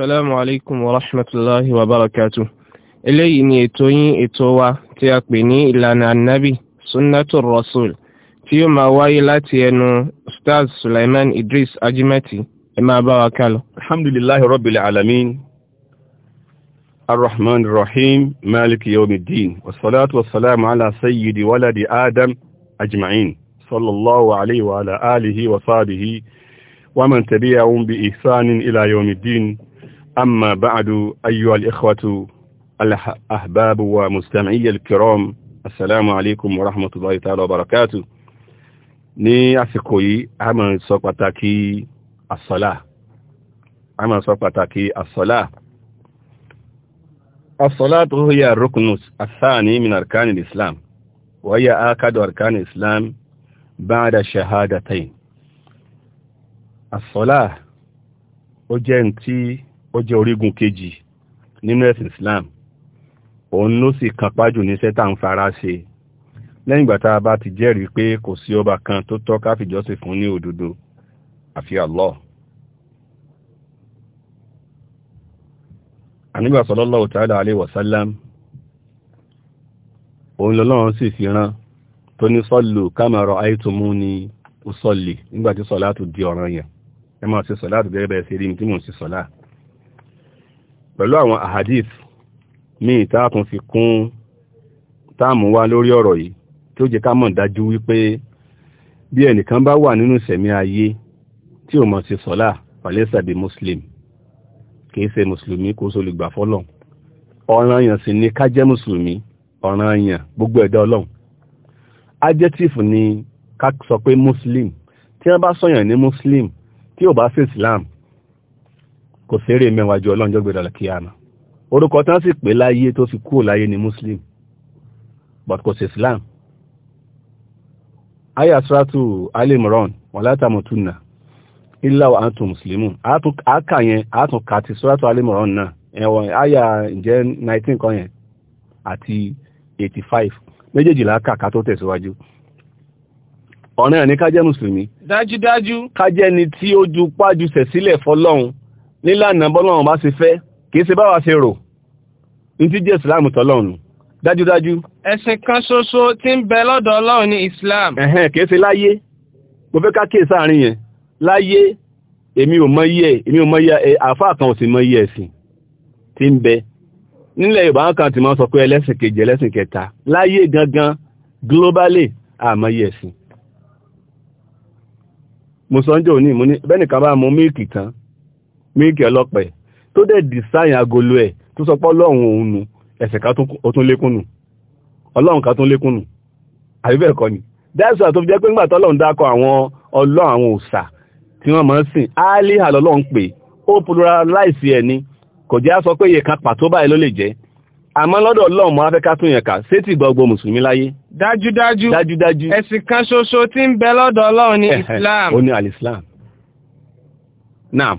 Assalamu alaikum wa rahmatullahi wa barakatuh. Eléyìí ni ètò yín ètò wa tí a pè ní ìlànà annabi Sunnatul Rasul tí yóò máa wáyé láti ẹnu Ustaz Sulaiman Idris Ajimati. Ẹ máa bá wa kálọ. Alhamdulillahi Rabbil Alamin. الرحمن الرحيم مالك يوم الدين والصلاة والسلام على سيد ولد آدم أجمعين صلى الله عليه وعلى آله وصحبه ومن تبعهم بإحسان إلى يوم الدين أما بعد أيها الإخوة الأحباب ومستمعي الكرام السلام عليكم ورحمة الله تعالى وبركاته ní àsìkò yìí a máa sọ pàtàkì àsọ́lá a máa sọ pàtàkì àsọ́lá àsọ́lá tó hiya rukunu athani min arkani islam wa hiya akadu arkani islam ba'da shahadatain àsọ́lá ó jẹ́ tí ó jẹ́ orígun kejì nínú ẹ̀sìn Islam òun ló sì kàpá jù ní sẹ́tà ń fara ṣe lẹ́yìn ìgbà tá bá ti jẹ́rìí pé kò sí ọba kan tó tọ́ ká fìjọ́sìn fún ní òdodo àfi Allah ànígbà sallallahu ta'ala alayhi wa sallam òun lọ́lọ́run sì fi rán tó ní sọ́lù kámàrọ̀ àìtùmú ni ó sọ́lì nígbàtí sọ́lá tó di ọ̀ranyàn ẹ máa ṣe sọ́lá tó gẹ́gẹ́ bẹ́ẹ̀ sí rí mi tí mò ń ṣe sọ́lá pẹ̀lú àwọn ahadith ní ìtaàtún fi kún táàmù wá lórí ọ̀rọ̀ yìí tí ó jẹ́ ká mọ̀ dájú wípé bí ẹnìkan bá wà nínú sẹ̀mí ayé tí ò mọ̀ sí sọ́lá pàlẹ́sàbí muslim kìí ṣe mùsùlùmí kó solùgbà fọ́lọ̀ ọ̀ràn yàn sì ni ká jẹ́ mùsùlùmí ọ̀ràn yàn gbogbo ẹ̀dá ọlọ́run adjective ni ká sọ pé muslim tí wọ́n bá sọ̀yàn ní muslim tí ò bá sí islam kò sérè mẹ́wàá ju ọlọ́njọ́ gbẹ̀dọ̀ kíyàmá orúkọ tán sì pé láyé tó fi kúrò láyé ni muslim but kò sí islam ayé asratu alimron wala tamutunna illa wa antum muslimun àákà yẹn àátún ká ti sratu alimron náà ẹ̀wọ̀n ayà ǹjẹ́ 19 kan yẹn àti 85 méjèèjìlá kàkà tó tẹ̀síwájú ọ̀rẹ́ ẹ̀ ní ká jẹ́ mùsùlùmí dájúdájú ká jẹ́ ni tí ó ju pájú sílẹ̀ fọlọ́run nílànà bọ́lọ́run bá ṣe fẹ́ kìí ṣe báwa ṣe rò ní tí jẹ́ ìsìláàmù tọ́lọ́run dájúdájú. ẹ̀sìn kan ṣoṣo tí ń bẹ lọ́dọ̀ ọlọ́run ní islam. ẹ̀hẹ́n kìí ṣe láyé mo fẹ́ ká kíyè sáàrin yẹn láyé èmi ò mọ iye èmi ò mọ iye àáfàá kan ò sì mọ iye ẹ̀sìn tí ń bẹ nílẹ̀ yorùbá kan ti máa sọ pé ẹlẹ́sìn kejì ẹlẹ́sìn kẹta láyé gangan globally àmọ́ iye ẹ̀sìn mo sọ ń jò ní mo ní bẹ́nìkan bá mu mílìkì tán mílíkì ọlọ́pẹ̀ tó dẹ̀ design agolo ẹ̀ tó sọ pé ọlọ́run òun nu ẹ̀sẹ̀ ká tún lékún nù ọlọ́run ká tún lékún nù àbí bẹ́ẹ̀ kọ́ ni that's why tó fi jẹ́ pé nígbà tọ́lọ́run dákọ̀ àwọn ọlọ́run àwọn òòṣà tí wọ́n máa ń sìn áálí àlọ́lọ́run pé ó pluralize ẹ̀ ni kò jẹ́ sọ pé iye pàtó báyìí ló lè jẹ́ àmọ́ lọ́dọ̀ ọlọ́run mọ́ afẹ́ká tún yẹn kà sétí gbogbo mùsùlùmí láyé dájúdájú dájúdájú ẹ̀sìn kan ṣoṣo tí ń bẹ lọ́dọ̀ ọlọ́run ní islam ó ní al-islam naam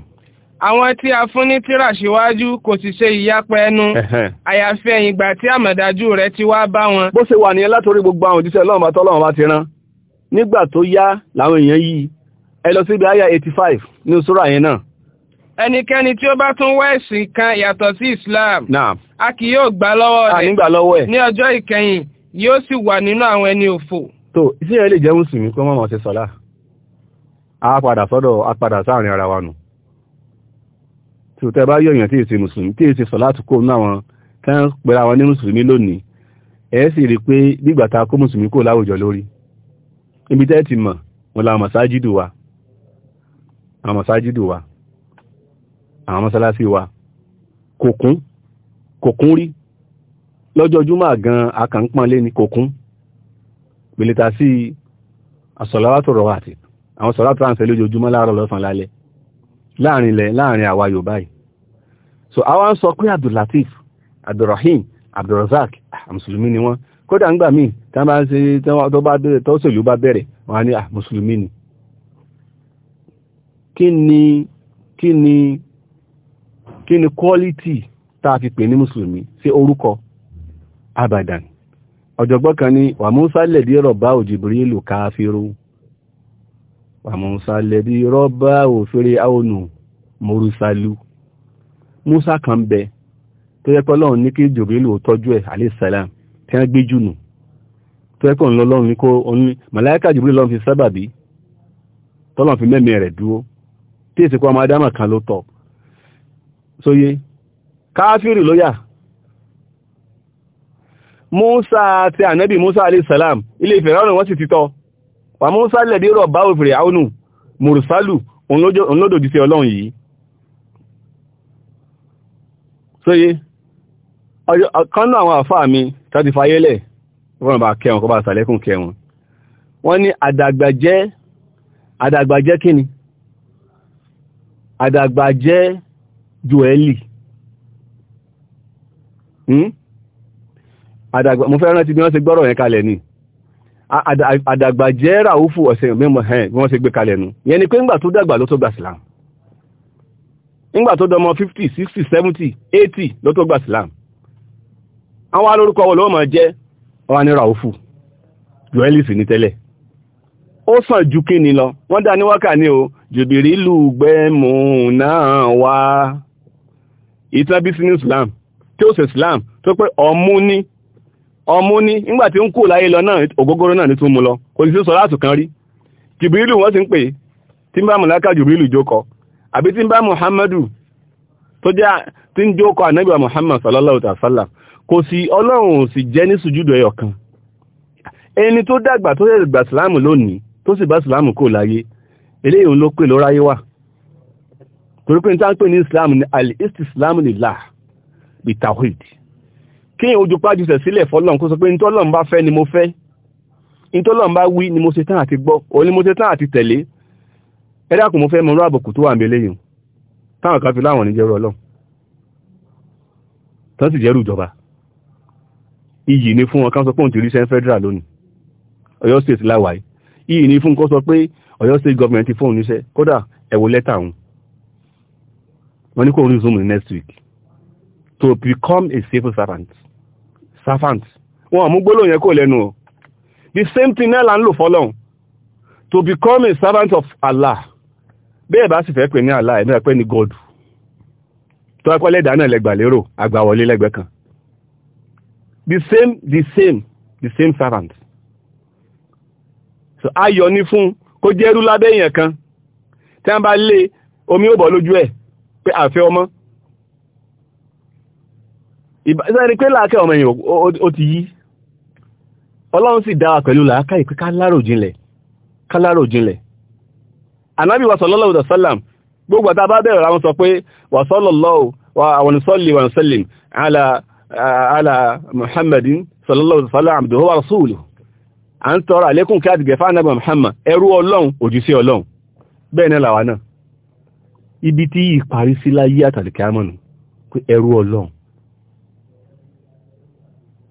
àwọn tí a fún ní tírà síwájú kò sì ṣe ìyapa ẹnu àyàfi ẹ̀yìn ìgbà tí àmọ̀dájú rẹ̀ ti wá bá wọn. bó ṣe wà nìyẹn látòrí gbogbo àwọn òjíṣẹ́ ọlọ́run àti ọlọ́run bá ti rán nígbà tó yá làwọn èèyàn yìí ẹ lọ síbi àyà eighty five ní sùúrà yẹn náà. ẹnikẹ́ni tí ó bá tún wá ẹ̀sìn kan yàtọ̀ sí Islam a kì yóò gbà lọ́wọ́ rẹ̀ ní ọjọ́ ìkẹyìn yóò sì wà nínú àwọn ẹni òfò. tó ìsìnyẹn lè jẹ́ mùsùlùmí tí ó tẹ́bá yọ̀yàn tí èsì mùsùlùmí tí èsì sọ̀láàtù kó náà wọn tán pẹ̀lá wọn ní mùsùlùmí lónìí ẹ̀ sì rí pé nígbà tá kó mùsùlùmí kó láwùjọ lórí ibi tẹ́ ti mọ̀ wọn la mọ̀sájídù wa àwọn mọ̀sájídù wa àwọn mọ́sálásí wa kòkún kòkún rí lọ́jọ́ júmọ́ gan akànpọ́nlé ní kòkún pèlétà sí àsọ̀lọ́wàtò rọ̀wàtì àwọn sọ̀lọ́wàtò ránṣẹ́ lójoojúmọ́ láàárọ̀ lọ́sàn lálẹ́ láàrin ilẹ̀ láàrin àwa yorùbá yìí so àwa ń sọ pé abdullatif abdulrahim abdulrazak ah, mùsùlùmí ni wọ́n kódà ń gbà míì tán bá ń ṣe tó bá bẹ̀rẹ̀ tó bá bẹ̀rẹ̀ ah, ni kí ni ni kí ni quality fi pè ní musulmi sí orúkọ abadan ọ̀jọ̀gbọ́n kan ni wà mú sálẹ̀ dí wàmọ̀nsálẹ̀bí rọ́bà òfèrè áwọnù mọ́rúsálú Musa kan bẹ tó yẹ pọ́lọ́run ní kí jòbílù tọ́jú ẹ̀ alẹ́sàlám tí wọ́n gbé jùnù tó yẹ pọ́n lọ́lọ́run ní kó oní màláíkà jòbílù lọ́n fi sábàbí tọ́lọ́n fi mẹ́mẹ́ rẹ̀ dúró tí èsìkò ọmọ adámà kan ló tọ̀ sóyé káfírì ló yà Musa àti ànábì Musa alẹ́sàlám ilé ìfẹ̀rẹ́ ọ̀rùn wọ́n sì ti tọ́ wà Musa lẹ̀dí rọ̀ bá òfèrè àónù mùrùsálù ònlódòdì sí ọlọ́run yìí sóyé kánú àwọn àfáà mi tàbí fayélẹ̀ wọ́n bá kẹwọn kọ́ bá sàlẹ́kùn kẹwọn wọ́n ní àdàgbàjẹ́ àdàgbàjẹ́ kíni àdàgbàjẹ́ joeli àdàgbà hmm? fẹ́ rántí bí wọ́n ṣe gbọ́rọ̀ yẹn kalẹ̀ ni àdàgbà jẹ́ ràúfù ọ̀sẹ̀ mẹ́mọ̀ ẹ̀ bí wọ́n ṣe gbé kalẹ̀ nù yẹn ni pé ńgbà tó dàgbà ló tó gba Islam ńgbà tó dọmọ 50 60 70 80 ló tó gba Islam àwọn alórúkọ wọ́n lọ́wọ́ máa jẹ́ ọwá ní ràúfù joelisi ní tẹ́lẹ̀ ó sàn ju kí ni lọ wọ́n dá ní wákà ní o jùbìrí lù gbẹ́mù náà wá ìtàn bí sí ní Islam tí ó ṣe Islam tó pé ọmú ní ọmú ní nígbà tí ń kú láyé lọ náà ògógóró náà ní tún mú lọ kò sí sọ láti kan rí jìbìrìlù wọ́n ti ń pè tí ń bá mùláka jìbìrìlù jókọ àbí tí ń bá muhammadu tó jẹ́ tí ń jókọ ànábì muhammad sallallahu alaihi wasallam kò sí ọlọ́run sì jẹ́ ní sùjúdù ẹyọ kan ẹni tó dàgbà tó yẹ gbà sìláàmù lónìí tó sì bá sìláàmù kò láyé eléyìí ló pè lóráyé wà torí pé ní táwọn pè ní islam ní al-istislam lillah bitawhid kí ojú pájúsẹ̀ sílẹ̀ fọ́lọ́n kó sọ pé nítọ́lọ́n bá fẹ́ ni mo fẹ́ nítọ́lọ́n bá wí ni mo ṣe tán àti gbọ́ òun ni mo ṣe tán àti tẹ̀lé ẹ̀dàkùn mo fẹ́ mọ ọ̀rọ̀ àbùkù tó wà nílé yìí táwọn kan fi láwọn níjẹ́rọ ọlọ́run tán sì jẹ́rù ìjọba iyì ni fún wọn kan sọ pé òun ti rí sẹ́ federal lónìí Ọ̀yọ́ state láwàá iyì ni fún kan sọ pé Ọ̀yọ́ state government ti fóun níṣẹ́ kódà ẹ wo lẹ́tà òun wọ́n ní kò resume next week to become a civil servant servant wọn mú gbólóhùn yẹn kò lẹ́nu the same thing náà là ń lò fọ́lọ́hun to become a servant of Allah bẹ́ẹ̀ bá sì fẹ́ pè ní Allah ẹ̀mí ẹ̀pẹ́ ní God tó ẹ̀pẹ́ lẹ́dàá náà lẹ́gbà lérò àgbàwọlé lẹ́gbẹ́ kan the same the same the same servant so ayọ̀ ní fún kó jẹ́rú lábẹ́ èèyàn kan tí wọ́n bá lé omi ó bọ̀ lójú ẹ̀ pé àfẹ́ ọmọ ìbáṣẹ́ni pé láàkẹ́ ọmọ èèyàn ó ti yí ọlọ́run sì dáa pẹ̀lú làákà ìpé káláròjinlẹ̀ káláròjinlẹ̀ anábì wasalọ́lọ́wọ́ dasalam gbogbo àtà bá bẹ̀rẹ̀ àwọn sọ pé wasalọ́lọ́wọ́ àwọn sọ́lì wọn sẹ́lìm ala muhammadin sallallahu wasallam abduhu wa rasulu a ń tọrọ àlékún kí àdìgẹ̀ fánàbà muhammad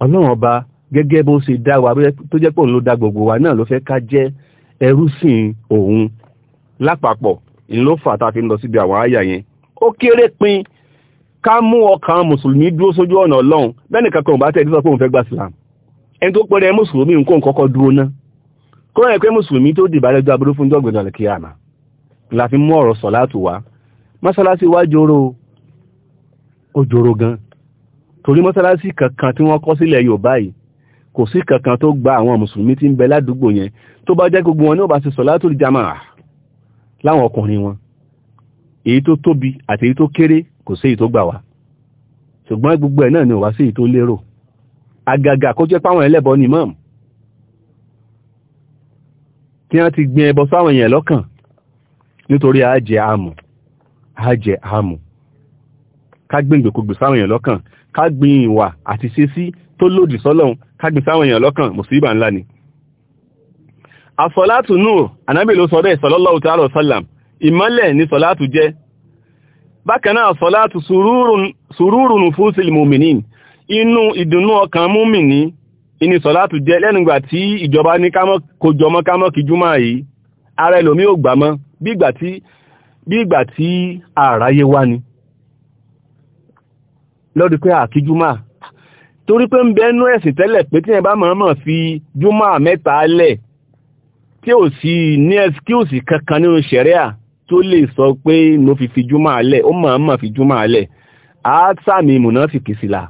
ọlọ́run ọba gẹ́gẹ́ bó ṣe dá wa tó jẹ́ pé òun ló dá gbogbo wa náà ló fẹ́ ká jẹ́ ẹrúsìn òun lápapọ̀ ló fà tá a fi ń lọ síbi àwọn àyà yẹn ó kéré pin ká mú ọkàn mùsùlùmí dúró sójú ọ̀nà ọlọ́run bẹ́ẹ̀ nìkan kan ò bá tẹ̀ ẹ́ sọ pé òun fẹ́ gbà sílám ẹni tó pẹ́rẹ́ mùsùlùmí nǹkan kọ́kọ́ dúró ná kó rẹ̀ pé mùsùlùmí tó dìbà lẹ́jọ́ aburú fún jọ́gbìn náà àmà la fi mú ọ̀rọ̀ sọ̀ látù wá mọ́sálásí wá jòrò ó jòrò gan torí mọ́sálásí kankan tí wọ́n kọ́ sílẹ̀ Yorùbá yìí kò sí kankan tó gba àwọn mùsùlùmí tí ń bẹ ládùúgbò yẹn tó bá jẹ́ gbogbo wọn ní ó bá ṣe sọ̀látùl jamaa láwọn ọkùnrin wọn èyí tó tóbi àti èyí tó kéré kò sí èyí tó gbà wá ṣùgbọ́n gbogbo ẹ̀ náà ni ò wá sí èyí tó lérò àgàgà kó jẹ́ páwọn ẹlẹ́bọ ni imam kí wọ́n ti gbin ẹbọ sáwọn èèyàn lọ́kàn nítorí àájẹ àmù àájẹ àmù ká gbìngbèkúgbè sáwọn èèyàn lọ́kàn ká gbin ìwà àti ṣe sí tó lòdì sọ́lọ́run ká gbin sáwọn èèyàn lọ́kàn mùsíbà ńlá ni àsọ̀látù núù ànábì ló sọ bẹ́ẹ̀ sallallahu ta'ala sallam ìmọ́lẹ̀ ni sọ̀látù jẹ́ bákanáà sọ̀látù sùúrùrùn fúsìlì mùmìnì inú ìdùnnú ọkàn múmìnì ìní sọ̀látù jẹ́ lẹ́nugbà tí ìjọba ní kójọmọ́ kámọ́ kìjúmọ́ yìí ara ẹlòmí ò gbàmọ́ bí ìgbà tí àráyé wá ni lọ́dí pé àti júmà torí pé ń bẹ ẹnu ẹ̀sìn tẹ́lẹ̀ pé tí ẹ bá mọ̀ọ́mọ̀ fi júmà mẹ́ta lẹ̀ tí ò sí ní ẹ̀skíùsì kankan nínú ṣẹ̀ríà tó lè sọ pé mo fi fi júmà lẹ̀ ó mọ̀ọ́mọ̀ fi júmà lẹ̀ á sàmì mùnáfìkì sílà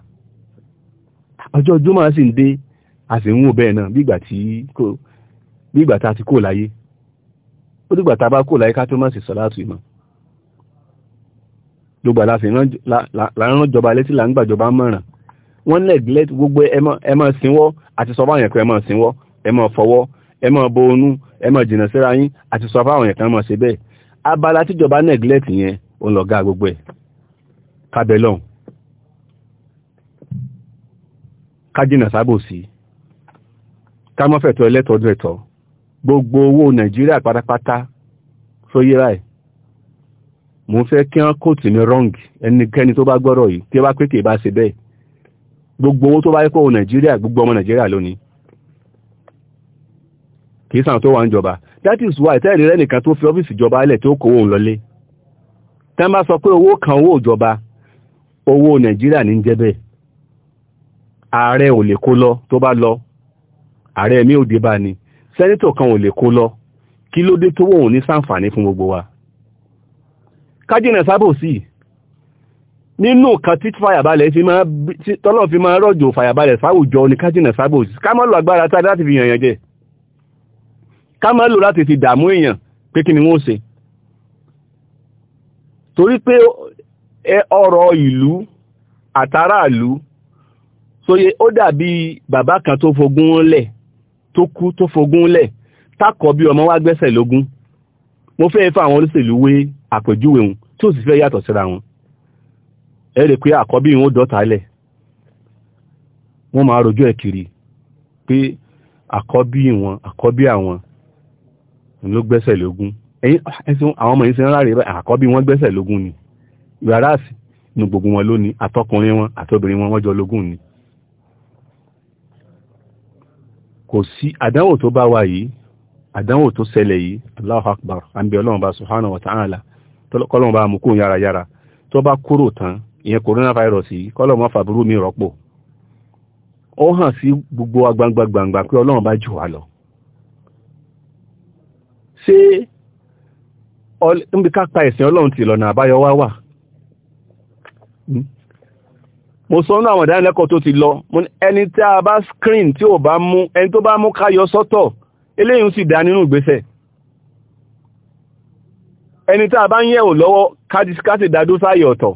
ọjọ́ júmà sì ń dé a sì ń wò bẹ́ẹ̀ náà bí ìgbà tá a láyé ó dìgbà tá a bá kó láyé ká tó má sì sọ láti ìmọ̀ gbogbo àlàsìnrán jọba létí là ń gbàjọba mọ̀ràn wọ́n neglect gbogbo ẹ má sínwọ́ àti sọ fáwọn ẹ̀kọ́ ẹ má sínwọ́ ẹ má fọwọ́ ẹ má bo onú ẹ má jìnà síra yín àti sọ fáwọn ẹ̀kọ́ ẹ má ṣe bẹ́ẹ̀ abala tíjọba neglect yẹn òun lọ̀gá gbogbo ẹ̀ kábẹ́lọ́n kájìnà sábòsí ká mọ́fẹ̀tọ́ ẹlẹ́tọ́dún ẹ̀tọ́ gbogbo owó nàìjíríà pátápátá sóyé ráì mo ń fẹ́ kí wọ́n kò tì mí wrong ẹnikẹ́ni tó bá gbọ́rọ̀ yìí tí ó bá pé kì í bá ṣe bẹ́ẹ̀ gbogbo owó tó bá yẹ kó nàìjíríà gbogbo ọmọ nàìjíríà lónìí kì sàn tó wà ń jọba that is why tẹ́ẹ̀rí rẹ nìkan tó fi ọ́fíìsì ìjọba alẹ̀ tó kó òun lọlé tẹ́ bá sọ pé owó kan owó ìjọba owó nàìjíríà ní jẹ́ bẹ́ẹ̀ ààrẹ ò lè kó lọ tó bá lọ ààrẹ mi ò dé bá ni sẹ́nítọ̀ kan ò lè kó lọ kí ló dé tó wọ́n ní ṣàǹfààní fún gbogbo wa kájìnà sábòsí nínú kan tí fàyàbalẹ̀ fi máa tọ́lọ̀ fi máa rọ̀jò fàyàbalẹ̀ fáwùjọ ní kájìnà sábòsí ká má lò agbára tá láti fi yànyàn jẹ ká má lò láti fi dààmú èèyàn pé kí ni wọ́n ṣe torí pé ọ̀rọ̀ ìlú àtàràlú sóye ó dàbí bàbá kan tó fogún lẹ̀ tó kú tó fogún lẹ̀ tákọ̀ bí ọmọ wá gbẹ́sẹ̀ lógún mo fẹ́ fa àwọn olóṣèlú wé àpèjúwe wọn tí ó sì fẹ́ yàtọ̀ síra wọn ẹ rè pé àkọ́bí wọn ó dọ́ta lẹ̀ wọ́n máa rojọ́ ẹ̀ kiri pé àkọ́bí wọn àkọ́bí àwọn ló gbẹ́sẹ̀ lógún ẹ̀sìn àwọn ọmọ yìí ṣe ń ráre àkọ́bí wọn gbẹ́sẹ̀ lógún ni rárásì ní gbogbo wọn lónìí àtọkùnrin wọn àtọbìnrin wọn wọ́n jọ lógún ni kò sí àdánwò tó bá wa yìí àdánwò tó sẹlẹ̀ yìí Allahu Akbar àmì ọlọ́run bá subhanahu wa kọ́lọ́run bá mú kó tó bá kúrò tán ìyẹn coronavirus kọ́lọ́run fàbúrú mi rọ́pò ó hàn sí gbogbo agbangba pé ọlọ́run bá lọ ṣé níbi ká pa ẹ̀sìn ọlọ́run ti lọ́nà àbáyọ wá wà hmm? mo sọ ti lọ ẹni tí a bá screen tí ò bá mú ẹni tó bá mú yọ sọ́tọ̀ eléyìn sì dá nínú ìgbésẹ̀ ẹni tá a bá ń yẹ̀wò lọ́wọ́ káti dádó sáyẹ̀ ọ̀tọ̀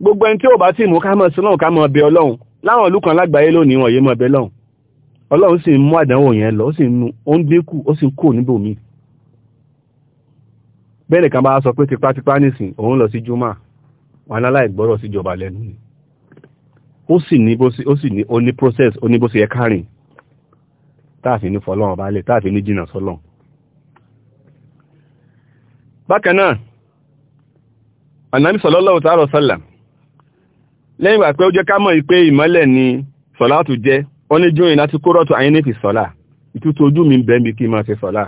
gbogbo ẹni tí ò bá tí mú ká mọ̀ sí lọ́hùn ká mọ̀ bẹ ọlọ́run láwọn ìlú kan lágbàáyé lónìí wọ̀nyé mọ̀ bẹ lọ́hùn ọlọ́run sì ń mú àdánwò yẹn lọ ó sì ń dínkù ó sì ń kò níbòmí bẹ́ẹ̀ni kan bá sọ pé tipátipá nìsìn òun lọ sí júmà wọn aláìgbọ́rọ̀ síjọba lẹ́nu ó sì ní ó ní process ó ní bó ṣe yẹ kárìn táàfin ní fọlọ́run balẹ̀ táàfin ní jìnnà sọ́lọ́run bákan náà ànábì sallallahu ta'ala sallam lẹ́yìn ìgbà pé ó jẹ́ ká mọ̀ ìmọ́lẹ̀ ni sọ̀láàtù jẹ́ ó ní jóyìn láti kó rọ́tù ayé nífi sọ̀lá ìtútù ojú mi bẹ́ẹ̀ bí kí n máa ṣe sọ̀lá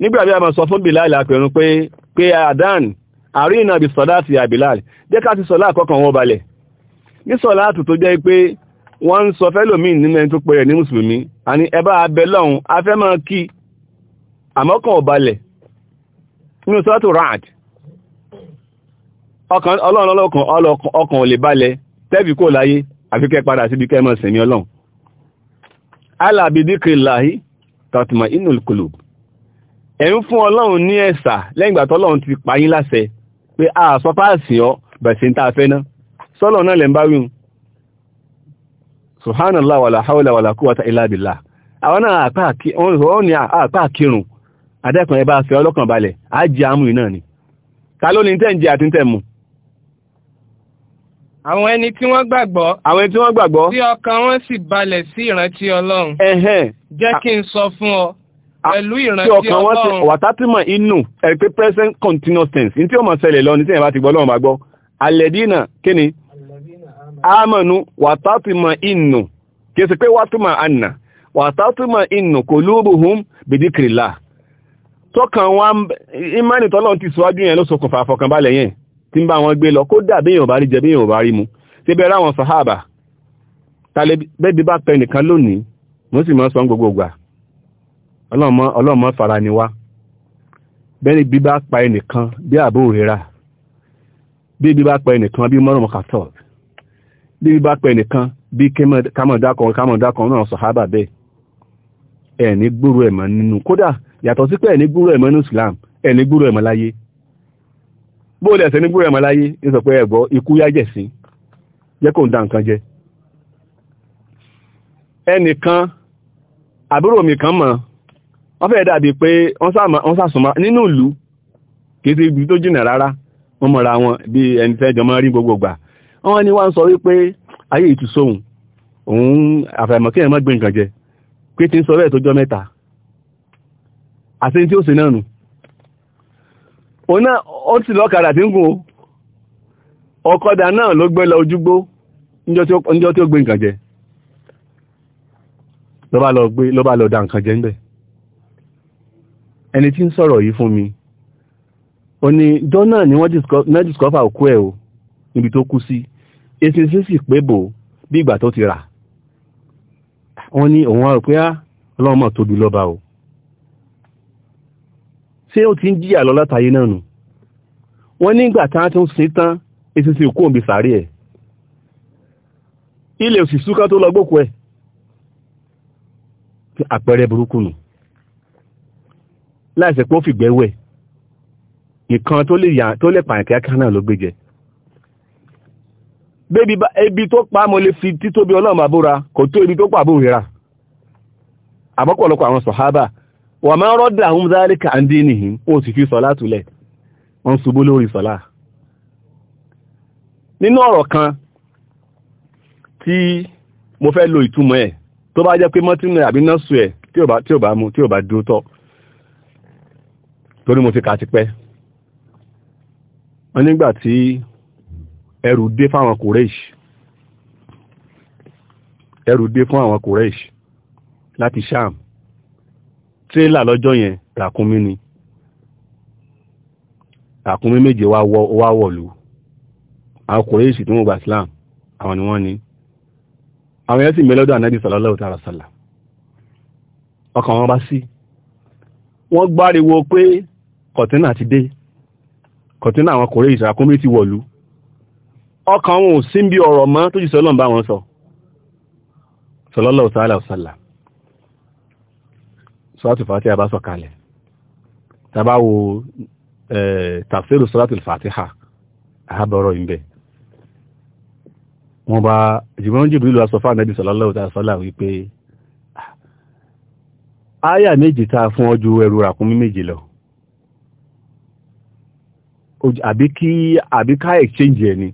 nígbà bí a máa sọ fún Bilal àpẹrun pé pé adan àríyìn náà bí sọ̀lá àti àbílal jẹ́ ká ti sọ̀lá wọ́n ń sọ fẹ́lòmíì nínú ẹni tó pè rẹ̀ ní mùsùlùmí a ní ẹbá abẹ lọ́hun afẹ́ máa kí àmọ́kàn ọ̀balẹ̀ nínú sọ́tò rad ọlọ́run ọlọ́kan ọkàn ò lè balẹ̀ tẹ́bí kò láyé àfikẹ́ padà síbi kẹ́mọ̀ sẹ̀mí ọlọ́run alábìdíkì láhí tàtùmọ̀ inú kùlùb ẹ̀ ń fún ọlọ́run ní ẹ̀sà lẹ́yìn ìgbà tọ́lọ́run ti payín láṣẹ a sọ fáàsì ọ bẹ̀sìn tá a fẹ́ ná sọ́lọ̀ náà subhanallah wàlá haúlà wàlá kúwàtà ìlàbìlà àwọn ní àpá kírùn adẹ́kùn ẹbá fẹ́ ọlọ́kàn balẹ̀ ajé àmú iná ni ká ló ní tẹ́ǹjẹ àti tẹ́mù àwọn ẹni tí wọ́n gbàgbọ́ àwọn ẹni tí wọ́n gbàgbọ́ tí ọkàn wọn sì balẹ̀ sí ìrántí ọlọ́run jẹ́ o n sọ fún ọ pẹ̀lú ìrántí ọlọ́run wàtátìmọ̀ inú ẹ̀ pé present continuous tense ní tí ó mọ̀ ṣẹlẹ̀ lọ ní tí ẹ̀ bá ti gbọ́ ọlọ́run bá gbọ́ alẹ́dínà kíni amanu wàtátìmọ̀ inú kìí sí pé wátìmọ̀ anà wàtátìmọ̀ inú kulubuhum bìdíkìrìlá tọ́kàn wọn imani tọ́lọ́n ti síwájú yẹn ló ṣokùnfà àfọkànbalẹ̀ yẹn tí ń bá wọn gbé lọ kódà bí bí mu ṣé bẹ́ẹ̀ ráwọn sàhábà tàlẹ́ bẹ́ẹ̀ bá pẹ nìkan lónìí mo sì mọ́ sọ gbogbo gbà ọlọ́mọ fara ni wá bẹ́ẹ̀ bí bá pa ẹnìkan bí àbó òrera bí bí bá pa ẹnìkan bí mọ́rùn-ún kàtọ́ọ̀tì bí bá pẹ̀ nìkan bí kámọ̀dákan kámọ̀dákan náà sọ̀hábà bẹ́ẹ̀ ẹ̀ ní gbúrú ẹ̀mọ́ nínú kódà yàtọ̀ sí pé ẹ̀ ní gbúrú ẹ̀mọ́ nínú Islam ẹ̀ ní gbúrú ẹ̀mọ́ láyé bó lẹ̀ sẹ́ ní gbúrú ẹ̀mọ́ láyé ní sọ pé ẹ̀gbọ́ ikú yájẹ̀ sí jẹ́ kó ń da nǹkan jẹ ẹnìkan àbúrò mi kan mọ̀ wọ́n fẹ́ dàbí pé wọ́n sàsùnmọ́ nínú ìlú kìí sí ibi tó jìnà rárá wọ́n mọ̀ra wọn bí ẹni fẹ́ jọmọ́ rí gbogbogbà wọ́n ní wá ń sọ wípé ayé ìtùsóhun òun àfàìmọ̀kí ẹ̀mọ́ gbé nǹkan jẹ pé tí ń sọ bẹ́ẹ̀ tó jọ mẹ́ta àti tí ó sì náà nù ọ̀nà ó ti lọ́kadà tí ń gùn ọkọ̀dà náà ló gbé lọ ojúgbó níjọ́ tí ó gbé nǹkan jẹ ló bá lọ da nǹkan jẹ níbẹ̀ ẹni tí ń sọ̀rọ̀ yìí fún mi ó ní jọ náà ni wọ́n discover òkú ẹ̀ o níbi tó kú sí èsì sí sì pé bò bí ìgbà tó ti rà wọ́n ní òun wá rò pé ah, ọlọ́mọ tóbi lọ́ba o ṣé ó ti ń jíyà lọ látàyé náà nù wọ́n nígbà tá tún sí tán èsì sì kú òǹbì sàárè ẹ̀ ilé òsì súká tó lọ gbókù ẹ̀ àpẹẹrẹ burúkú nù láìsẹ̀ pé ó fìgbẹ́ wẹ̀ nìkan tó lè pààyàn kíákíá náà ló gbé jẹ bébí ebi tó pa mo lè fi títóbi ọlọ́run àbúra kò tó ebi tó pa àbúrò rà àbọ́pọ̀lọpọ̀ àwọn sọ̀hábà wà máa rọ́dà àwọn záríkà àndí nìyìn ó sì fi sọ̀lá túlẹ̀ wọ́n ṣubú lórí sọ̀lá nínú ọ̀rọ̀ kan tí mo fẹ́ lo ìtumọ̀ ẹ̀ tó bá jẹ́ pé mọ́tínú ẹrù dé fáwọn kòrèṣì ẹrù dé fún àwọn kòrèṣì láti sham tírélà lọ́jọ́ yẹn ràkúnmí ni ràkúnmí méje wá wọ̀lú àwọn kòrèṣì tí wọ́n gba islam àwọn ni wọ́n ni àwọn yẹn sì mẹ́lọ́dọ̀ ànábì sallallahu ta'ala sallam ọkàn wọn bá sí wọ́n gbáriwo pé kọ̀tínà ti dé kọ̀tínà àwọn kòrèṣì ràkúnmí ti wọ̀lú ọkàn wọn ò sí bí ọ̀rọ̀ mọ́ tó jù sọ́lọ́n bá wọn sọ sọlọ́lọ́ òsàálà òsàálà sọ́tù fàtíhà bá sọ̀kalẹ̀ tàbá wo tàfsírù sọ́tù fàtíhà àhábọ̀rọ̀ ìbẹ̀ wọ́n bá jùmọ́n jùbìlú lọ sọ fún ànẹ́bí sọlọ́lọ́ òsàálà wípé áyà méjì àbí kí àbí ká exchange ẹni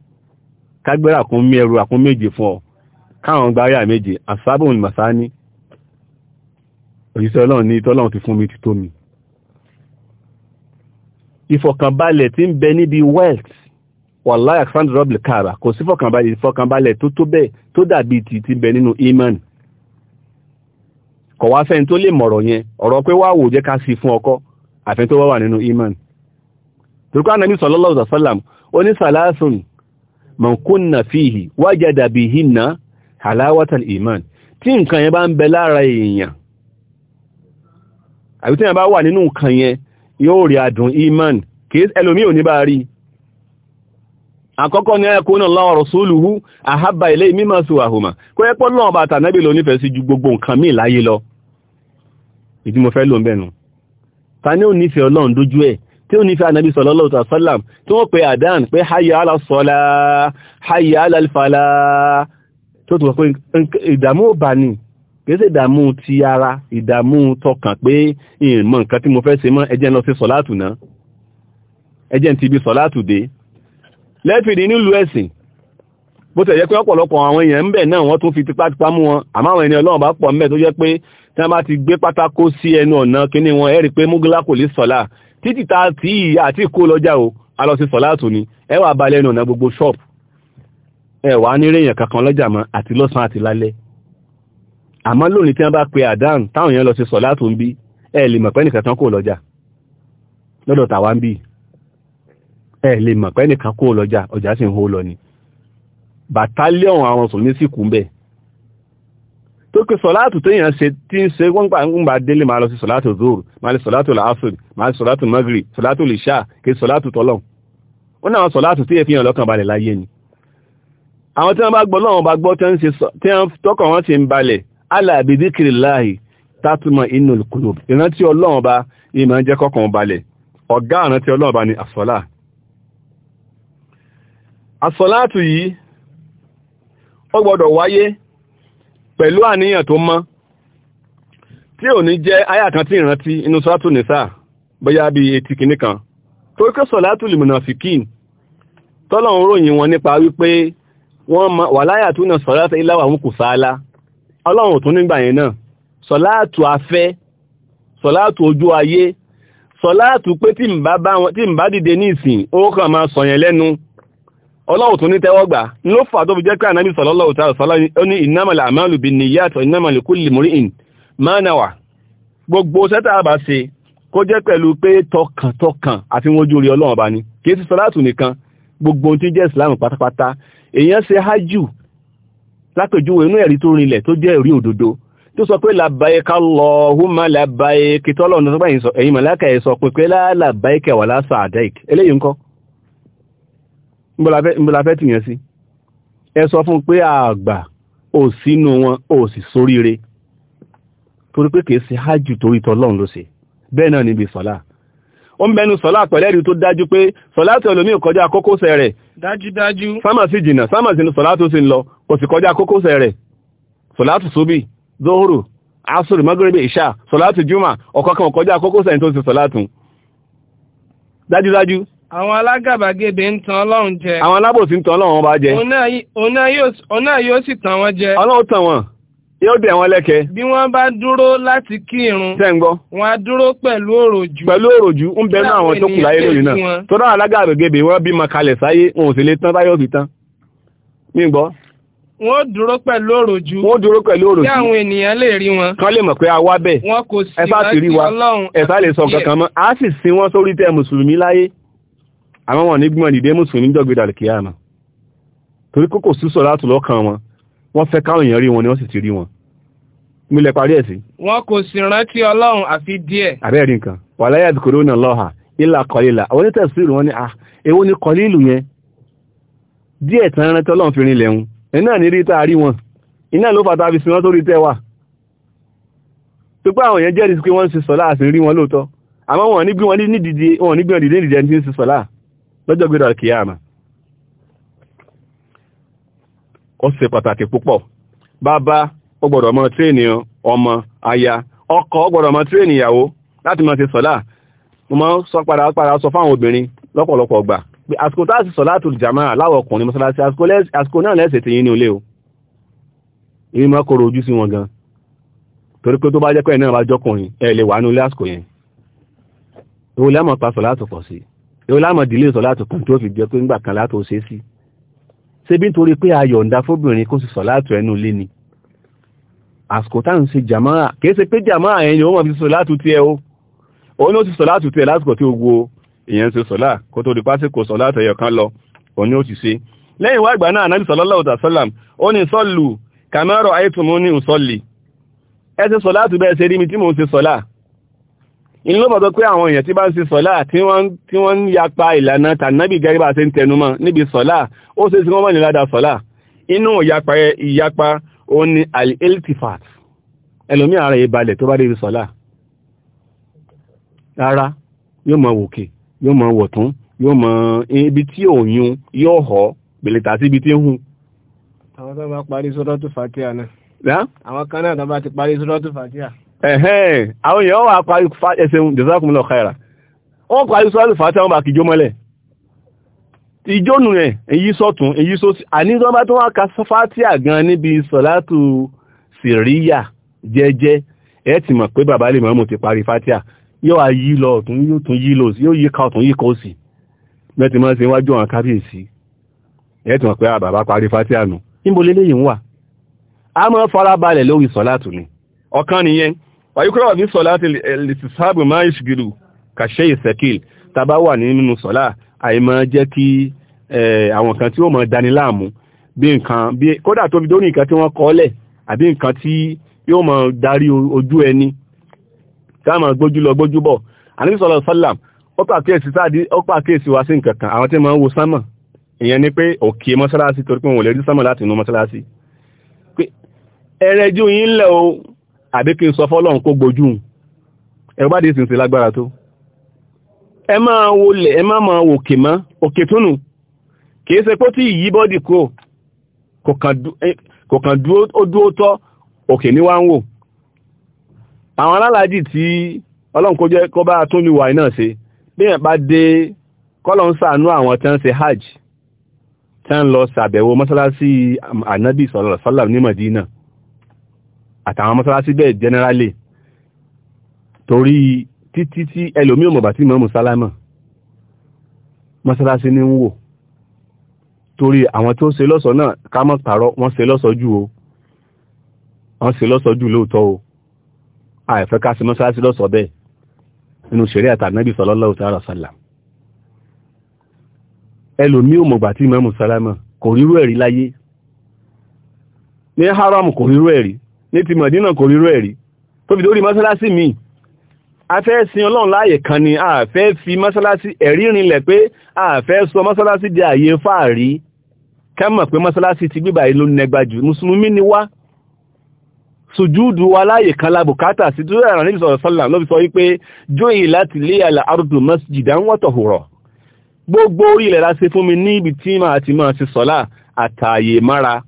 kágbéra kún mí ẹrù àkún méje fún ọ káwọn gbáyà méje àsábùn ní màsá ní òjíṣẹ́ ọlọ́run ní tọ́lọ́run ti fún mi ti tó mi ìfọ̀kànbalẹ̀ tí ń bẹ níbi wealth wàláyà alexander roble kara kò sí fọ̀kànbalẹ̀ ìfọ̀kànbalẹ̀ tó tó bẹ́ẹ̀ tó dàbí ti ti bẹ nínú iman kọ̀ wá fẹ́ni tó lè mọ̀rọ̀ yẹn ọ̀rọ̀ pé wá wò jẹ́ ká sí fún ọkọ àfẹ́ni tó wá wà nínú iman turkana nabi sallallahu alaihi wasallam ó man kunna fihi wajada bihinna halawatal iman tí nǹkan yẹn bá ń bẹ lára èèyàn àbí tí yẹn bá wà nínú nǹkan yẹn yóò rí adùn iman kì í ẹlòmí ò ní bá rí àkọ́kọ́ ní ẹkùn náà Allahu rasuluhu ahabba ilay mimma suwahuma kó yẹ pọ́ lọ́wọ́ bàtà nábì ló nífẹ̀ẹ́ sí ju gbogbo nǹkan míì láyé lọ ìdí mo fẹ́ lò ń ta ni ò nífẹ̀ẹ́ ọlọ́run dójú ẹ̀ tí ó nífẹ́ ànàbí sallallahu alaihi wasallam tí wọ́n pe àdán pé hayya ala sọ́lá hayya ala alfàlá tó tún wọ́n pé ìdààmú ò bá ní kìí ṣe ìdààmú ti ara ìdààmú tọkàn pé ìmọ̀ nǹkan tí mo fẹ́ ṣe mọ́ ẹjẹ́ lọ sí sọ́látù náà ẹjẹ́ ti ibi sọ́látù dé lẹ́fìdì nílùú ẹ̀sìn bó tẹ̀ jẹ́ pé tí wọ́n bá ti gbé pátákó sí ẹnu ọ̀nà kíní wọn ẹ̀rí pé múgílá kò lè sọ̀lá títí ta tí àti kó lọ́jà o a lọ sí sọ̀lá tò ní ẹ wà balẹ̀ ẹnu ọ̀nà gbogbo ṣọ́ọ̀pù ẹ wà nírèyàn kankan lọ́jà mọ́ àti lọ́sàn àti lálẹ́ àmọ́ lónìí tí wọ́n bá pe àdán táwọn èèyàn lọ sí sọ̀lá tò ń bí ẹ lè mọ̀ pé nìkan kan lọ́jà lọ́dọ̀ tàwa ń bí ẹ lè mọ̀ pé nìkan kò lọ́jà ọjà sì ń hó lọ ni bàtálíọ̀n àwọn sòmí sì kú bẹ́ẹ̀ tó kí sọ̀látù tó yàn ṣe tí ń ṣe gbọ́ngbà ń gbà délé máa lọ sí sọ̀látù zoro máa lè sọ̀látù làásùd máa lè sọ̀látù magri sọ̀látù lìṣà kí sọ̀látù tọ́lọ̀ ó náà sọ̀látù tí èfi hàn lọ́kàn balẹ̀ láyé ni àwọn tí wọ́n bá gbọ́ lọ́wọ́ bá gbọ́ tí tọ́kàn wọn ti ń balẹ̀ alábìdíkiri láàyè tátùmọ̀ inú kùlùb ìrántí ọlọ́run bá ìmọ̀ jẹ́ kọ́kàn balẹ̀ ọ̀gá ìrántí ọlọ́run bá ni wáyé pẹ̀lú àníyàn tó mọ́ tí ò ní jẹ́ àyà kan tí ìrántí inú sọ́tù nìsà bóyá bí etí kìíní kan tó kí sọ̀látù lìmùnàfíkìn tọ́lọ̀run ròyìn wọn nípa wípé wọ́n wà láyà tó náà sọ̀látù iláwà wọn kò sáálá ọlọ́run tún nígbà yẹn náà sọ̀látù afẹ́ sọ̀látù ojú ayé sọ̀látù pé tí ń bá dìde ní ìsìn ó kàn máa sọ̀yẹn lẹ́nu ọlọ́wọ̀ tó ní tẹ́wọ́ gbà ló fà tó fi jẹ́ pé ànábì sallallahu ta'ala sallam ó ní innamal a'malu binniyat wa innamal likulli imri'in ma nawa gbogbo sẹ́tà bá ṣe kó jẹ́ pẹ̀lú pé tọkàntọkàn àti wọn ojú rí ọlọ́run bá ní kì í sí sọ́látù nìkan gbogbo ohun tí jẹ́ islam pátápátá èèyàn ṣe hájù látòjúwe inú ẹ̀rí tó rinlẹ̀ tó jẹ́ ẹ̀rí òdodo tó sọ pé labbaik Allahumma labbaik kìtọ́lọ́run tó sọ pé màláka ẹ̀ sọ pé pé láàlàbáyé kẹwàá lásàádáìk eléyìí ńkọ́ ìbúlafẹ́ tìyàn sí ẹ sọ fún pé àgbà ò sínú wọn ò sì sóríire torí pé kìí ṣe hajj torí tọlọ́run ló ṣe bẹ́ẹ̀ náà níbi sọ́lá ó ń bẹnu sọ́lá pẹ̀lẹ́rì tó dájú pé sọ́lá tó ẹlòmíì kọjá kókósẹ̀ rẹ̀ dájúdájú sámà sí jìnnà sámà sínú sọ́lá tó sì ń lọ kò sì kọjá kókósẹ̀ rẹ̀ sọ́lá tó sóbì dóhùrù asùrù mọ́gírẹ́bì ìṣà sọ́lá tó júmà ọ̀kọ̀ọ̀kan kọjá kókósẹ̀ tó sì sọ́lá tún dájúdájú àwọn alágàbàgebè ń tan ọlọ́run jẹ. àwọn alábòsí ń tan ọlọ́run bá jẹ. ọ̀nà yóò sì tàn wọn jẹ. ọlọ́run tàn wọ́n yóò dẹ̀ wọ́n lẹ́kẹ̀ẹ́. bí wọ́n bá dúró láti kí irun. tẹ́ wọ́n á dúró pẹ̀lú òròjú. pẹ̀lú òròjú ń bẹnu àwọn tó kù láyé lónìí náà. tó dáhùn alágàbàgebè kalẹ̀ sáyé wọn ò sì tán báyọ̀ fi tán. wọ́n dúró dúró pẹ̀lú àwọn wọn ní gbọ́n dìde mùsùlùmí jọ́gbé dàlẹ̀ kíyàmà torí kókò sísọ látò lọ́kàn wọn wọ́n fẹ́ káwọn èèyàn rí wọn ni wọ́n sì ti rí wọn mílẹ̀ parí ẹ̀ sí. wọn kò sì rántí ọlọ́run àfi díẹ̀. àbẹ́ẹ̀rí nǹkan wà láyé àdìkòrò náà lọ́hà ilà kọlílà àwọn onítẹ̀síìrì wọn ni à ah, èwo ni kọlílù yẹn díẹ̀ tán rántí ọlọ́run fi rinlẹ̀ wọn iná ní rí tá a rí wọn iná ló fàtà fi sinwọ́n tó rí tẹ́wà tó pé àwọn èèyàn jẹ́rìí pé wọ́n ń ṣe sọ́lá àti rí wọn lóòótọ́ àmọ́ wọn ní gbé wọn ní dídí wọn ní gbé wọn dídí ẹni tí ń ṣe sọ́lá lọ́jọ́ gbé alkiyama ó ṣe pàtàkì púpọ̀ bàbá ó gbọ́dọ̀ mọ ọmọ aya ọkọ ó gbọ́dọ̀ mọ tírèèni ìyàwó láti mọ ti sọ̀lá mo máa ń sọ padà padà sọ fáwọn obìnrin lọ́pọ̀lọpọ̀ gbà pé àsìkò tá sì sọ̀lá tó jàmá láwọ̀ ọkùnrin mọ́sálásí àsìkò náà lẹ́sẹ̀ tí yín ní ilé o èyí máa kóró ojú sí wọn gan torí pé tó bá jẹ́ pé náà bá jọkùnrin ní ilé àsìkò yẹn ìwòlẹ́mọ̀ pa sọ̀lá tó pọ̀ sí i èwo láàmọ̀ dílé sọ láti kàn tí ó fi jẹ́ pé ńgbà kan látò ṣe sí ṣé bí nítorí pé ayọ̀ǹda fóbìnrin kó sì sọ láti ẹnu lé ni àsìkò táwọn ṣe jàmáà kìí ṣe pé jàmáà ẹni ó mọ̀ fi sọ láti tiẹ̀ o òun ló ti sọ láti tiẹ̀ lásìkò tí gbogbo èèyàn ṣe sọ̀lá kó tó di pásíkò sọ láti ẹyọ kan lọ òun ó ti ṣe lẹ́yìn wá ìgbà náà anábì sallallahu alaihi wasallam ó ní sọ́lù kàmẹ́rọ̀ ayétumú ní ìsọ́lì ẹ ṣe sọ láti bẹ́ẹ̀ ṣe rí mi tí mò ń ṣe sọ́lá inú ló bọ̀tọ̀ pé àwọn èèyàn tí bá ń ṣe sọ́lá tí wọ́n ń yapa ìlànà tànàbí gẹ́gẹ́bà ṣe ń tẹnumọ́ níbi sọ́lá ó ṣe tí wọ́n wà ní ládà sọ́lá inú ìyapa ó ní al-iltifat ẹlòmí ara ìbalẹ̀ tó bá dé ibi sọ́lá rárá yóò mọ wòkè yóò mọ wọ̀tún yóò mọ ibi tí òyìn yóò họ pèlè tà ibi tí ń hù àwọn fatia náà àwọn kan náà tó ti parí sọ́dọ́tù fatia ẹ̀hẹ́n àwọn èèyàn wà parí ẹsẹ̀un jẹ́sàkùnmọ́ ọ̀káìrà wọ́n parí sọ́lù fàtí àwọn bàkìjó mọ́lẹ̀ ìjónù rẹ̀ èyí sọ́tún èyí sósì àníjọba tó wá ka fàtíà gan níbi sọ̀látù sìríyà jẹ́jẹ́ ẹ ti mọ̀ pé bàbá lè mọ́mù ti parí fàtíà yóò wá yí lọ ọ̀tún yóò tún yí lọ yóò yí ka ọ̀tún yí kó sì mẹ́tì máa ń ṣe wájú àwọn kábíyèsí ẹ ti mọ̀ pé ah, bàbá parí fàtíà nù níbo lélẹ́yìn wà a máa farabalẹ̀ lórí sọ̀látù ni ọ̀kan nìyẹn wàyíkúrọ̀ ní sọ̀lá ti lìtìsáàbù máa ń ṣìgìrù kàṣẹ́ ìsẹ̀kìl tàbá wà nínú sọ̀lá àìmọ́ jẹ́ kí àwọn kan tí ó mọ̀ dání láàmú bí nǹkan bí kódà tó bí dóní nǹkan tí wọ́n kọ́lẹ̀ àbí nǹkan tí yóò mọ̀ darí ojú ẹni táàmà gbójú lọ gbójú bọ̀ àníbi sọ̀lọ̀ sọ́làm ó pàkíyèsí sáàdí ó pàkíyèsí wá sí nǹkan kan àwọn tí máa wo sánmà ìyẹn ni pé òkè mọ́sálásí torí pé wọn lè rí sánmà láti inú mọ́sálásí pé ẹrẹ́jú yín lẹ̀ o àbí kí n sọ fọ́lọ́run kó gbojú ẹ̀rọ bá dé sì ń ṣe lágbára tó ẹ máa wọlé ẹ máa máa wòkè mọ́ òkè túnù kìí ṣe pé tí ìyí bọ́dì kò kò kàn dúó tọ́ òkè ní wá ń wò àwọn alálàájì tí ọlọ́run kó jẹ́ kó bá tún ní wàí náà ṣe bíyàn bá dé kọ́lọ̀ ń ṣàánú àwọn tán ṣe hajj tán lọ ṣàbẹ̀wò mọ́sálásí ànábì sallallahu alaihi wasallam Madina àtàwọn mọ́sálásí bẹ́ẹ̀ generally torí títí tí ẹlòmí òmọ̀bà tí mọ́mù sálámà mọ́sálásí ní ń wò torí àwọn tó ṣe lọ́sọ̀ náà ká mọ́ pàrọ̀ wọ́n ṣe lọ́sọ̀ jù o wọ́n ṣe lọ́sọ̀ jù lóòótọ́ o àìfẹ́ ká ṣe mọ́sálásí lọ́sọ̀ bẹ́ẹ̀ nínú ṣeré àtànábì sallallahu ta'ala ní haram kò rírú ẹ̀rí ní ti mọ̀dínà kò ríró ẹ̀rí tó fi dórí mọ́sálásí mi a fẹ́ sin ọlọ́run láàyè kan ni a fẹ́ fi mọ́sálásí ẹ̀rí rinlẹ̀ pé a fẹ́ sọ mọ́sálásí di àyè fáàrí kẹ́mọ̀ pé mọ́sálásí ti gbígbà ìlú nẹgbàjù mùsùlùmí ni wá sùjúdù wa láàyè kan la bùkátà sí tó rẹ̀ níbi sọ̀rọ̀ sọ́là ló fi sọ wípé jóyè láti lé àlà arúgbó masjidan wa tahura gbogbo orí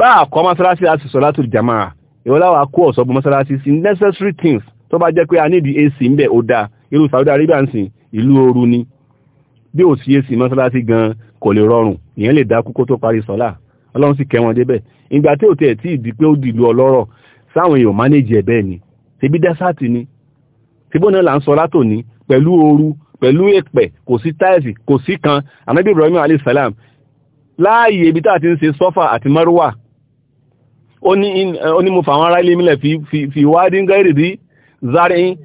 bá àkọ́ mọ́sálásí láti sọ̀látù jamaa ìwọ́láwà kó ọ̀sọ́bù mọ́sálásí sí necessary things tó bá jẹ́ pé a nídìí AC ń bẹ̀ ó dáa irú Saudi Arabia ń sìn ìlú ooru ni bí ò sí AC mọ́sálásí gan kò lè rọrùn ìyẹn lè dákú kó tó parí sọ́lá ọlọ́run sì kẹ́ wọn débẹ̀ ìgbà tí ò tẹ̀ tí ìdí pé ó dìlú ọlọ́rọ̀ sáwọn èèyàn mánéjì ẹ̀ bẹ́ẹ̀ ni ṣebí dẹ́sàtì ni ṣebí náà là ń sọ látò ní pẹ̀lú ooru pẹ̀lú èpẹ̀ kò sí táìsì kò sí kan ànábì Ibrahim alayhisalam láàyè ibi tá a ti ń ṣe sọ́fà àti márùwà oni eh, ní mo fà àwọn ará ilé mílẹ̀ fi wádìí gẹ́rì rí zárín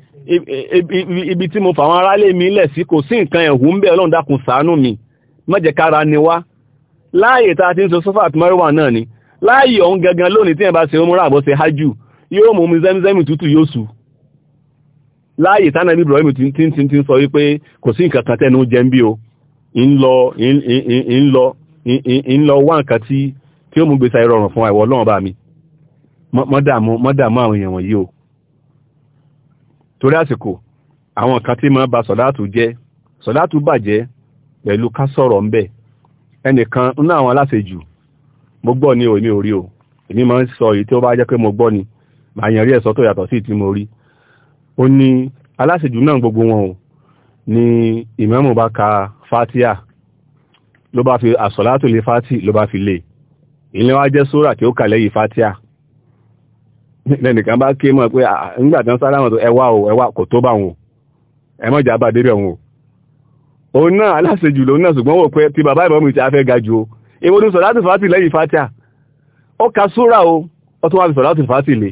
ibi tí mo fà àwọn ará ilé mílẹ̀ sí kò sí nǹkan ẹ̀hù ń bẹ̀ ọlọ́run dákun ṣàánú mi má jẹ́ kára ni wá láàyè tá a ti ń sọ sọ́fà àti mẹ́rìnwá náà ni láàyè ọ̀hún gangan lónìí tí ẹ̀ bá ṣe ó múra àbọ̀ ṣe hájú yóò mú omi zẹ́mìzẹ́mì tútù yóò sù láàyè tánà bí Ibrahim tí tí tí sọ wípé kò sí nǹkan kan tẹ́nu jẹ́ ń bí o ń lọ wá nǹkan tí ó mú gbèsè ìrọ̀rùn fún àìwọ̀ ọlọ́run bá mi mọ́dàmú mọ́dàmú àwọn èèyàn wọ̀nyí o torí àsìkò àwọn kan tí máa ba sọ̀látù jẹ́ sọ̀látù bàjẹ́ pẹ̀lú ká sọ̀rọ̀ ń bẹ̀ ẹnìkan nínú àwọn aláṣejù mo gbọ́ ni o èmi ò rí o èmi máa ń sọ èyí tí ó bá jẹ́ pé mo gbọ́ ni màá yẹn rí ẹ̀sọ́ tó yàtọ̀ sí tí mo rí ó ní aláṣejù náà gbogbo wọn o ni ìmáàmù bá ka fatia ló bá fi àsọ̀látù lé fati ló bá fi lé ìlẹ́wà jẹ́ sóra tí ó kà lẹ́yìn fatia lẹ́nìkan bá ké mọ́ pé nígbà tí sára wọn tó ẹwà o ẹwà kò tó bá wọn ẹ bá o náà aláṣejù lòun náà ṣùgbọ́n wò pé ti bàbá ìbọn mi ti afẹ́ ga ju o èwo ni sọ̀dátì fàátì lẹ́yìn fàtíà ó ka súrà o ó tún fàátì lè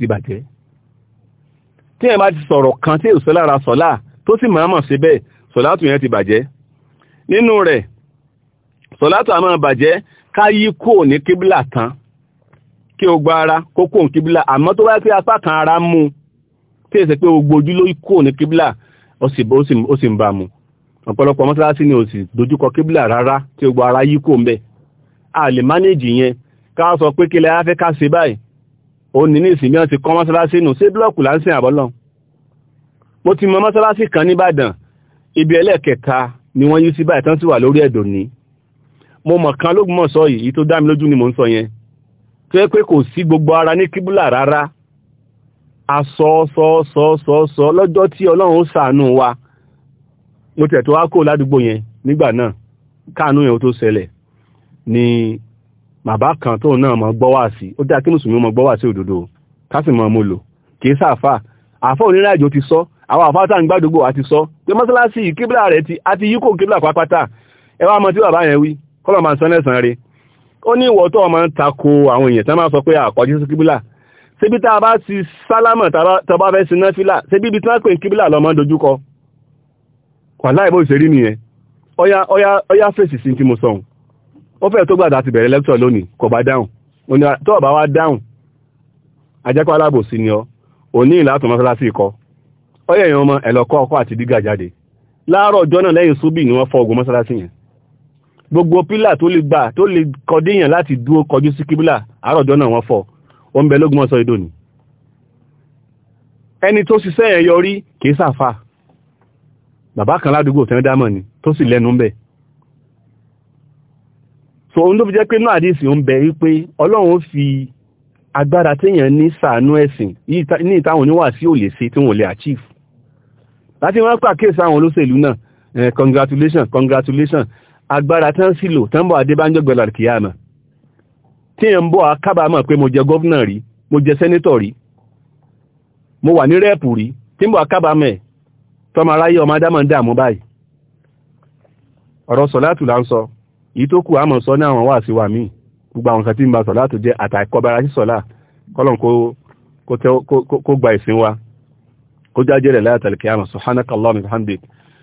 ti bàjẹ́ tí bá ti sọ̀rọ̀ kan tí kí o gba ara kó kó ní kíbílà àmọ́ tó wáyé pé apá kan ara mú tí èsì pé o gbojú ló kó ní kíbílà ó sì ń bá mu ọ̀pọ̀lọpọ̀ mọ́sálásí ni ò sì dojúkọ kíbílà rárá tí o gba ara yí kó ń bẹ̀ a lè mánéjì yẹn ká sọ pé kí lẹ́yà fẹ́ ká ṣe báyìí ó ní ní ìsìnkú ti kọ́ mọ́sálásí nù sí búlọ́ọ̀kù láńsìn àbọ́lọ́ mo ti mọ mọ́sálásí kan nìbàdàn ibi ẹlẹ́ẹ̀kẹta ni wọ́n yí sí báyìí tán sì wà lórí ẹ̀dọ̀ ní mo mọ̀ kan lógúnmọ̀sọ yìí tó dá mi lójú ni mò ń sọ yẹn tó yẹ pé kò sí gbogbo ara ní kíbúlà rárá asọ́sọ́sọ́sọ́ lọ́jọ́ tí ọlọ́run ó ṣàánú wa mo tẹ̀ tó wá kó yẹn nígbà náà káànú yẹn ó tó ṣẹlẹ̀ ni bàbá kan tóun náà mọ̀ gbọ́ wá sí ó dá kí mùsùlùmí mọ̀ gbọ́ wá sí òdodo ká sì mọ̀ mo lò kì í sàfà àfọ́ onírìnàjò ti sọ àwọn àfọ́ tá à ń gbàdúgbò àti sọ pé mọ́sálásí kíbílà rẹ̀ ti àti yíkò kíbílà pátápátá ẹ wá mọ̀ tí bàbá yẹn wí kọ́lọ̀ máa sán ó ní ìwọ̀ tó ọmọ ń tako àwọn èèyàn tán máa sọ pé àkọjú sí kíbílà síbi tá a bá ti sálámọ̀ tá a bá fẹ́ siná fílà síbi ibi tí wọ́n pè kíbílà lọ́mọ dojúkọ wà láì bó ṣe rí nìyẹn ọya ọya ọya fèsì sí tí mo sọ ohun ó fẹ́ tó gbàdá ti bẹ̀rẹ̀ lẹ́kítọ̀ lónìí kò bá dáhùn tó ọ̀bá wá dáhùn ajẹ́kọ́ alábòsí ni ọ òní ìlàtọ̀ mọ́sálásí ikọ̀ mọ́sálásí yẹn gbogbo pílà tó lè gbà tó lè kọdíyàn láti dúó kọjú sí kíbílà àárọ̀jọ́ náà wọ́n fọ́ o ń bẹ lógún ọ̀sọ̀ ìdò ni ẹni tó ṣiṣẹ́ ẹ̀ yọrí kìí sàfà bàbá kan ládùúgbò tẹ́ dámọ̀ ni tó sì lẹ́nu ń bẹ so ohun tó fi jẹ́ pé náà àdìsí ń bẹ wípé ọlọ́run fi agbára téèyàn ní sàánú ẹ̀sìn ní ìtàwọn oníwà sí ò lè tí wọ́n lè achieve láti wọ́n pàkíyèsí àwọn olóṣèlú náà eh, congratulations congratulations agbára tán sí lò tán bọ̀ adébánjọ́ gbẹ̀lá kìíyàmà tí èèyàn bọ̀ akábàámọ̀ pé mo jẹ gọ́vnà rí mo jẹ sẹ́nítọ̀ rí mo wà ní rẹ́ẹ̀pù rí tí ń bọ̀ akábàámọ̀ tọmọ aráyé ọmọ adámọ̀ ń dààmú báyìí ọ̀rọ̀ sọ̀látù là ń sọ èyí sọ̀lá